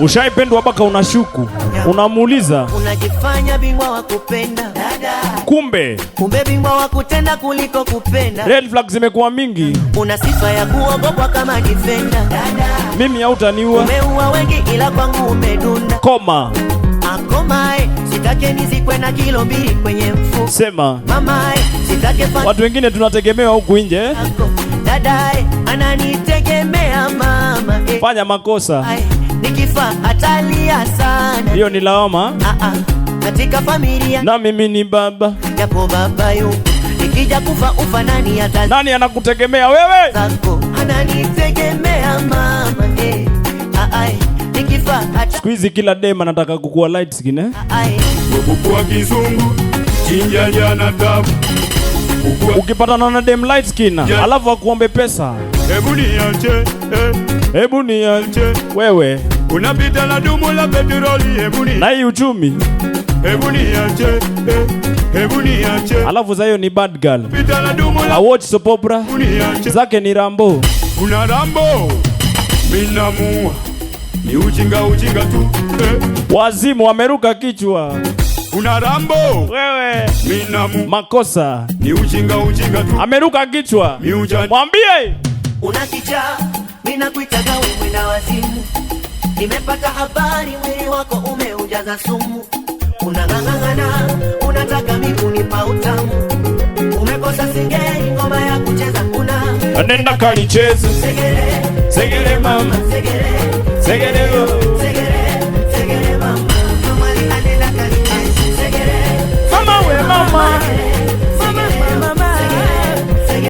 Ushaipendwa baka unashuku, unamuuliza, unajifanya bingwa wa kupenda kumbe kumbe bingwa wa kutenda kuliko kupenda. Red flag zimekuwa mingi, una sifa ya kuogopwa kama defender dada, mimi hautaniua, umeua wengi ila kwangu umedunda koma Akomae, sitake nizikwe na kilo mbili kwenye mfu. Sema mamae, sitake fan... watu wengine tunategemewa huku nje, eh? dadae ananitegemea mama, eh. Fanya makosa Ay nikifa atalia sana. Hiyo ni lawama ah, ah. katika familia, na mimi ni baba, japo baba yu ikija kufa ufa nani ata nani anakutegemea wewe? Zako ananitegemea mama eh, aai ah, nikifa ata siku hizi kila dema nataka kukua light skin eh, aai kukua kizungu chinja jana tabu Ukipatana na dem light skin alafu akuombe pesa, hebu niache, eh. hebu niache wewe unapita na dumu la petroli, ebuni na hii uchumi, hebu niache ebuni eh, hebu niache. Alafu za hiyo ni bad girl pita la... I watch soap opera zake ni Rambo, una Rambo mina mua ni uchinga uchinga tu eh. Wazimu wameruka kichwa una Rambo wewe, mina mua makosa ni uchinga uchinga tu, ameruka kichwa, mwambie unakicha, mina kuitaga wewe na wazimu Nimepata habari mwili wako umeujaza sumu, unangangangana unataka mimi unipa utamu, umekosa singeli, ngoma ya kucheza kuna nenda kanicheze segele, segele mama segele.